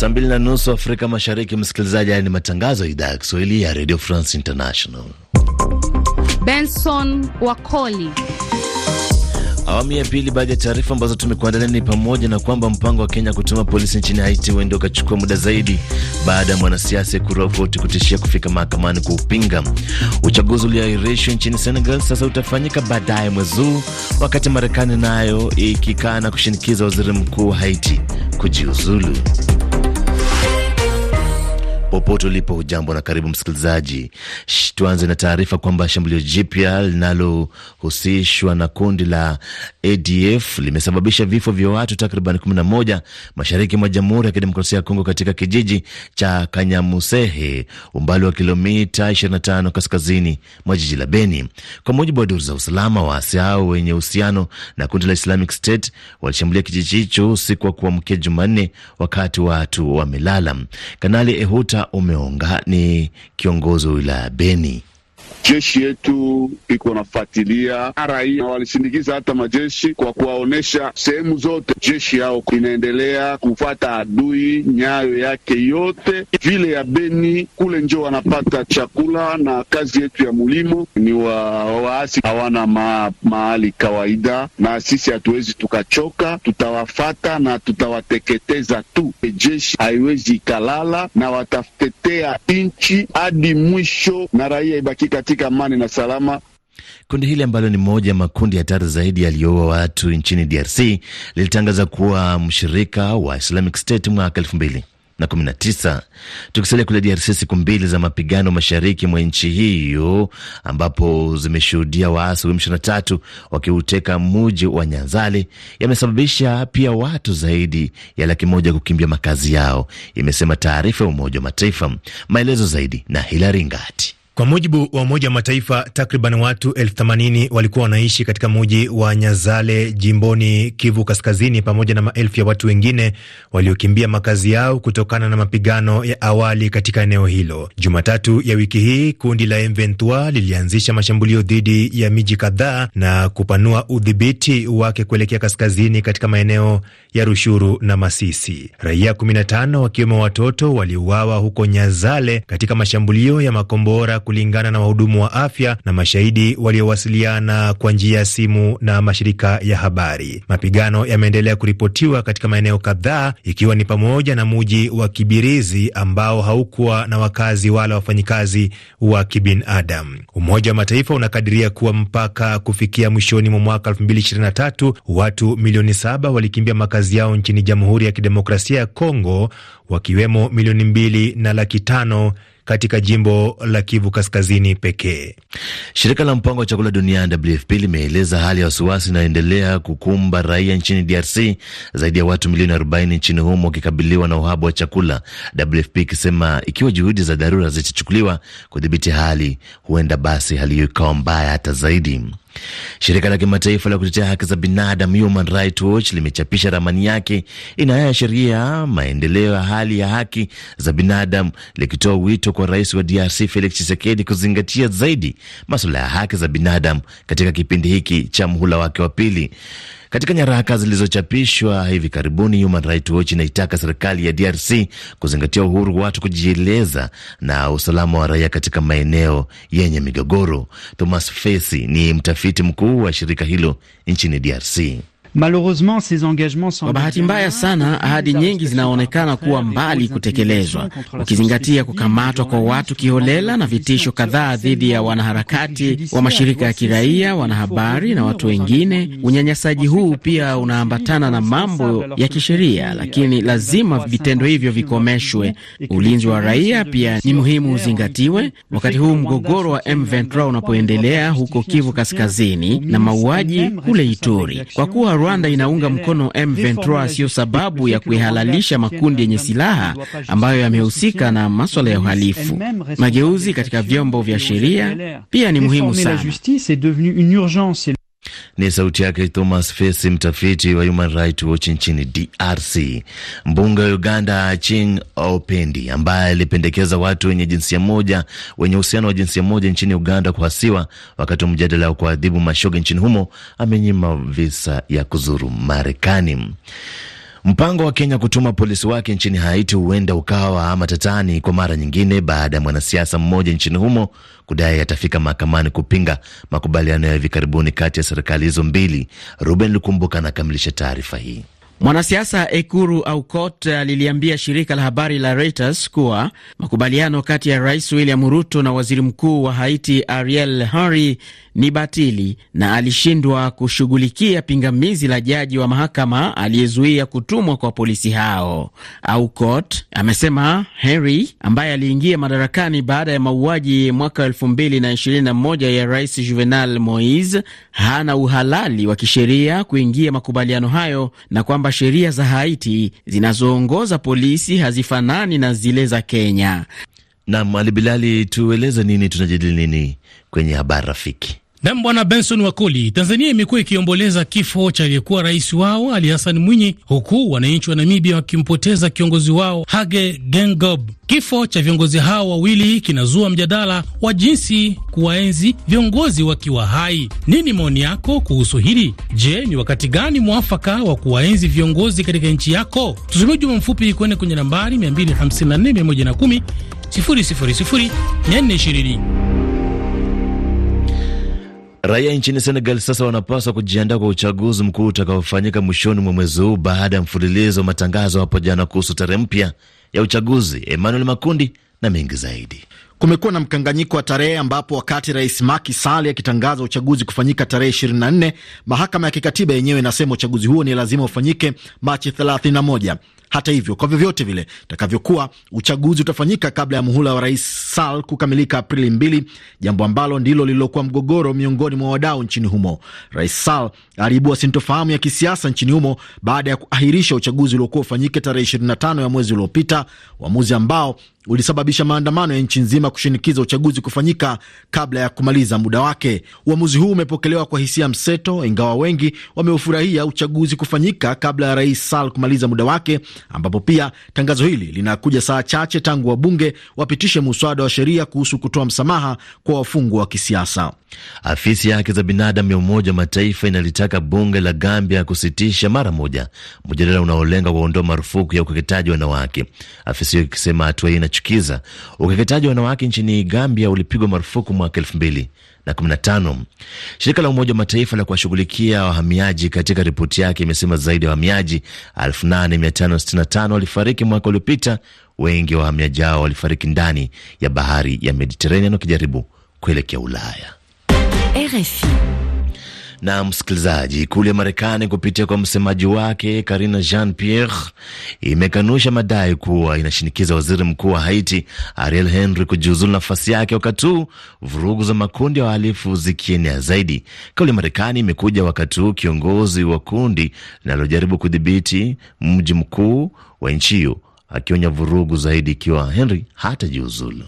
Saa mbili na nusu Afrika Mashariki, msikilizaji. Haya ni matangazo ya idhaa ya Kiswahili ya Radio France International. Benson Wakoli. Awamu ya pili. Baadhi ya taarifa ambazo tumekuandalia ni pamoja na kwamba mpango wa Kenya kutuma polisi nchini Haiti huenda ukachukua muda zaidi baada ya mwanasiasa Ekuru Aukot kutishia kufika mahakamani kuupinga. Uchaguzi ulioahirishwa nchini Senegal sasa utafanyika baadaye mwezi huu, wakati Marekani nayo ikikana kushinikiza waziri mkuu wa Haiti kujiuzulu popote ulipo, hujambo na karibu msikilizaji. Tuanze na taarifa kwamba shambulio jipya linalohusishwa na kundi la ADF limesababisha vifo vya watu takriban 11 mashariki mwa Jamhuri ya Kidemokrasia ya Kongo, katika kijiji cha Kanyamusehe, umbali wa kilomita 25 kaskazini mwa jiji la Beni, kwa mujibu wa duru za usalama. Waasi hao wenye uhusiano na kundi la Islamic State walishambulia kijiji hicho usiku wa kuamkia Jumanne wakati watu wamelala. Kanali Ehuta Umeonga ni kiongozi wa wilaya Beni jeshi yetu iko nafuatilia raia, walisindikiza hata majeshi kwa kuwaonyesha sehemu zote jeshi yao inaendelea kufata adui nyayo yake yote, vile ya Beni kule njo wanapata chakula na kazi yetu ya mulimo ni wa, waasi hawana ma, mahali kawaida, na sisi hatuwezi tukachoka, tutawafata na tutawateketeza tu. Jeshi haiwezi ikalala na watatetea nchi hadi mwisho na raia ibakika katika amani na salama. Kundi hili ambalo ni moja ya makundi hatari zaidi yaliyoua watu nchini DRC lilitangaza kuwa mshirika wa Islamic State mwaka elfu mbili na kumi na tisa. Tukisalia kule DRC, siku mbili za mapigano mashariki mwa nchi hiyo ambapo zimeshuhudia waasi wa M23 wakiuteka muji wa Nyanzale yamesababisha pia watu zaidi ya laki moja kukimbia makazi yao, imesema taarifa ya Umoja wa Mataifa. Maelezo zaidi na Hilari Ngati. Kwa mujibu wa Umoja wa Mataifa, takriban watu elfu themanini walikuwa wanaishi katika muji wa Nyazale jimboni Kivu Kaskazini, pamoja na maelfu ya watu wengine waliokimbia makazi yao kutokana na mapigano ya awali katika eneo hilo. Jumatatu ya wiki hii kundi la M23 lilianzisha mashambulio dhidi ya miji kadhaa na kupanua udhibiti wake kuelekea kaskazini katika maeneo ya Rushuru na Masisi. Raia 15 wakiwemo watoto waliuawa huko Nyazale katika mashambulio ya makombora kulingana na wahudumu wa afya na mashahidi waliowasiliana kwa njia ya simu na mashirika ya habari. Mapigano yameendelea kuripotiwa katika maeneo kadhaa, ikiwa ni pamoja na muji wa Kibirizi ambao haukuwa na wakazi wala wafanyikazi wa kibinadamu. Umoja wa Mataifa unakadiria kuwa mpaka kufikia mwishoni mwa mwaka 2023 watu milioni saba walikimbia makazi yao nchini Jamhuri ya Kidemokrasia ya Kongo, wakiwemo milioni mbili na laki tano katika jimbo la Kivu Kaskazini pekee. Shirika la mpango wa chakula duniani WFP limeeleza hali ya wasiwasi inayoendelea kukumba raia nchini DRC, zaidi ya watu milioni 40 nchini humo wakikabiliwa na uhaba wa chakula, WFP ikisema ikiwa juhudi za dharura zitachukuliwa kudhibiti hali, huenda basi hali hiyo ikawa mbaya hata zaidi. Shirika la kimataifa la kutetea haki za binadamu Human Rights Watch limechapisha ramani yake inayoashiria maendeleo ya hali ya haki za binadamu likitoa wito kwa rais wa DRC Felix Tshisekedi kuzingatia zaidi masuala ya haki za binadamu katika kipindi hiki cha mhula wake wa pili. Katika nyaraka zilizochapishwa hivi karibuni, Human Rights Watch inaitaka serikali ya DRC kuzingatia uhuru wa watu kujieleza na usalama wa raia katika maeneo yenye migogoro. Thomas Fesi ni mtafiti mkuu wa shirika hilo nchini DRC. Malheureusement, ces engagements kwa bahati mbaya sana, ahadi nyingi zinaonekana kuwa mbali kutekelezwa, ukizingatia kukamatwa kwa watu kiholela na vitisho kadhaa dhidi ya wanaharakati wa mashirika ya kiraia, wanahabari na watu wengine. Unyanyasaji huu pia unaambatana na mambo ya kisheria, lakini lazima vitendo hivyo vikomeshwe. Ulinzi wa raia pia ni muhimu uzingatiwe, wakati huu mgogoro wa M23 unapoendelea huko Kivu Kaskazini na mauaji kule Ituri, kwa kuwa Rwanda inaunga mkono M23 siyo sababu ya kuihalalisha makundi yenye silaha ambayo yamehusika na maswala ya uhalifu. Mageuzi katika vyombo vya sheria pia ni muhimu sana. Ni sauti yake Thomas Fesi, mtafiti wa Human Rights Watch nchini DRC. Mbunge wa Uganda Aching Opendi, ambaye alipendekeza watu wenye jinsia moja wenye uhusiano wa jinsia moja nchini Uganda kuhasiwa wakati wa mjadala wa kuadhibu mashoga nchini humo, amenyima visa ya kuzuru Marekani. Mpango wa Kenya kutuma polisi wake nchini Haiti huenda ukawa matatani kwa mara nyingine baada ya mwanasiasa mmoja nchini humo kudai atafika mahakamani kupinga makubaliano ya hivi karibuni kati ya serikali hizo mbili. Ruben Lukumbuka anakamilisha taarifa hii. Mwanasiasa Ekuru Aukot aliliambia shirika la habari la Reuters kuwa makubaliano kati ya Rais William Ruto na Waziri Mkuu wa Haiti Ariel Henry ni batili na alishindwa kushughulikia pingamizi la jaji wa mahakama aliyezuia kutumwa kwa polisi hao. Aukot amesema Henry ambaye aliingia madarakani baada ya mauaji mwaka 2021 ya rais Juvenal Moise hana uhalali wa kisheria kuingia makubaliano hayo na kwamba sheria za Haiti zinazoongoza polisi hazifanani na zile za Kenya nam Ali Bilali, tueleze nini, tunajadili nini kwenye habari rafiki? Nam Bwana Benson Wakoli, Tanzania imekuwa ikiomboleza kifo cha aliyekuwa rais wao Ali Hassan Mwinyi, huku wananchi wa Namibia wakimpoteza kiongozi wao Hage Geingob. Kifo cha viongozi hao wawili kinazua mjadala wa jinsi kuwaenzi viongozi wakiwa hai. Nini maoni yako kuhusu hili? Je, ni wakati gani mwafaka wa kuwaenzi viongozi katika nchi yako? Tutumia ujumbe mfupi kwenda kwenye nambari 254 110 000 420. Raia nchini Senegal sasa wanapaswa kujiandaa kwa uchaguzi mkuu utakaofanyika mwishoni mwa mwezi huu baada ya mfululizo wa matangazo hapo jana kuhusu tarehe mpya ya uchaguzi. Emmanuel Makundi na mengi zaidi. Kumekuwa na mkanganyiko wa tarehe ambapo wakati rais Macky Sall akitangaza uchaguzi kufanyika tarehe 24, mahakama ya kikatiba yenyewe inasema uchaguzi huo ni lazima ufanyike Machi 31. Hata hivyo, kwa vyovyote vile itakavyokuwa, uchaguzi utafanyika kabla ya muhula wa Rais Sall kukamilika Aprili mbili, jambo ambalo ndilo lililokuwa mgogoro miongoni mwa wadau nchini humo. Rais Sall aliibua sintofahamu ya kisiasa nchini humo baada ya kuahirisha uchaguzi uliokuwa ufanyike tarehe 25 ya mwezi uliopita, uamuzi ambao ulisababisha maandamano ya nchi nzima kushinikiza uchaguzi kufanyika kabla ya kumaliza muda wake. Uamuzi huu umepokelewa kwa hisia mseto, ingawa wengi wameufurahia uchaguzi kufanyika kabla ya Rais Sall kumaliza muda wake, ambapo pia tangazo hili linakuja saa chache tangu wabunge wapitishe muswada wa sheria kuhusu kutoa msamaha kwa wafungwa wa kisiasa. Afisi ya haki za binadamu ya Umoja wa Mataifa inalitaka bunge la Gambia kusitisha mara moja mjadala unaolenga kuondoa marufuku ya ukeketaji wanawake, afisi hiyo ikisema hatua hii inachukiza. Ukeketaji wanawake nchini Gambia ulipigwa marufuku mwaka elfu mbili na 15. Shirika la Umoja wa Mataifa la kuwashughulikia wahamiaji katika ripoti yake imesema zaidi ya wahamiaji 8565 walifariki mwaka uliopita. Wengi wa wahamiaji hao walifariki ndani ya bahari ya Mediterranean wakijaribu kuelekea Ulaya. RFI na msikilizaji, kule Marekani kupitia kwa msemaji wake Karina Jean Pierre imekanusha madai kuwa inashinikiza waziri mkuu wa Haiti Ariel Henry kujiuzulu nafasi yake, wakati huu vurugu za makundi ya wahalifu zikienea zaidi. Kauli ya Marekani imekuja wakati huu kiongozi wa kundi linalojaribu kudhibiti mji mkuu wa nchi hiyo akionya vurugu zaidi ikiwa Henry hatajiuzulu.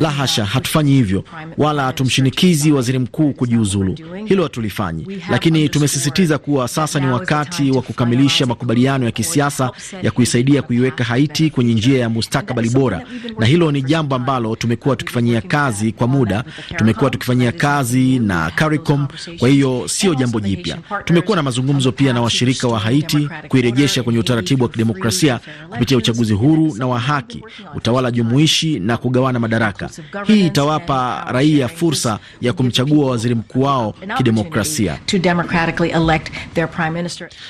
La hasha, hatufanyi hivyo, wala hatumshinikizi waziri mkuu kujiuzulu. Hilo hatulifanyi, lakini tumesisitiza kuwa sasa ni wakati wa kukamilisha makubaliano ya kisiasa ya kuisaidia kuiweka Haiti kwenye njia ya mustakabali bora, na hilo ni jambo ambalo tumekuwa tukifanyia kazi kwa muda. Tumekuwa tukifanyia kazi na CARICOM, kwa hiyo sio jambo jipya. Tumekuwa na mazungumzo pia na washirika wa Haiti kuirejesha kwenye utaratibu wa kidemokrasia kupitia uchaguzi huru na wa haki, utawala jumuishi kijeshi na kugawana madaraka. Hii itawapa raia fursa ya kumchagua waziri mkuu wao kidemokrasia.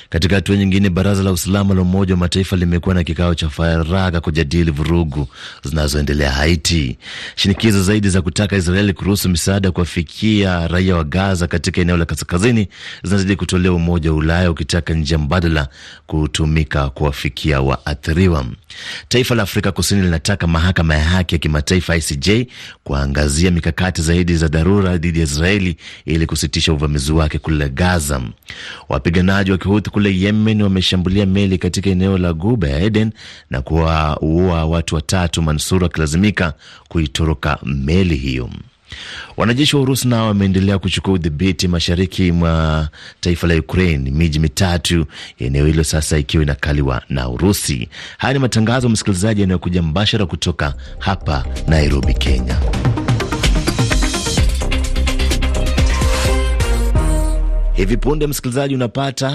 Katika hatua nyingine, baraza la usalama la Umoja wa Mataifa limekuwa na kikao cha faragha kujadili vurugu zinazoendelea Haiti. Shinikizo zaidi za kutaka Israeli kuruhusu misaada kuwafikia raia wa Gaza katika eneo la kaskazini zinazidi kutolewa, Umoja wa Ulaya ukitaka njia mbadala kutumika kuwafikia waathiriwa. Taifa la Afrika Kusini linataka mahakama mahakama ya haki ya kimataifa ICJ kuangazia mikakati zaidi za dharura dhidi ya Israeli ili kusitisha uvamizi wake kule Gaza. Wapiganaji wa Kihuthi kule Yemen wameshambulia meli katika eneo la Guba ya Eden na kuwaua watu watatu, Mansur akilazimika kuitoroka meli hiyo. Wanajeshi wa Urusi nao wameendelea kuchukua udhibiti mashariki mwa taifa la Ukraine, miji mitatu ya eneo hilo sasa ikiwa inakaliwa na Urusi. Haya ni matangazo, msikilizaji, yanayokuja mbashara kutoka hapa Nairobi, Kenya. Hivi punde msikilizaji unapata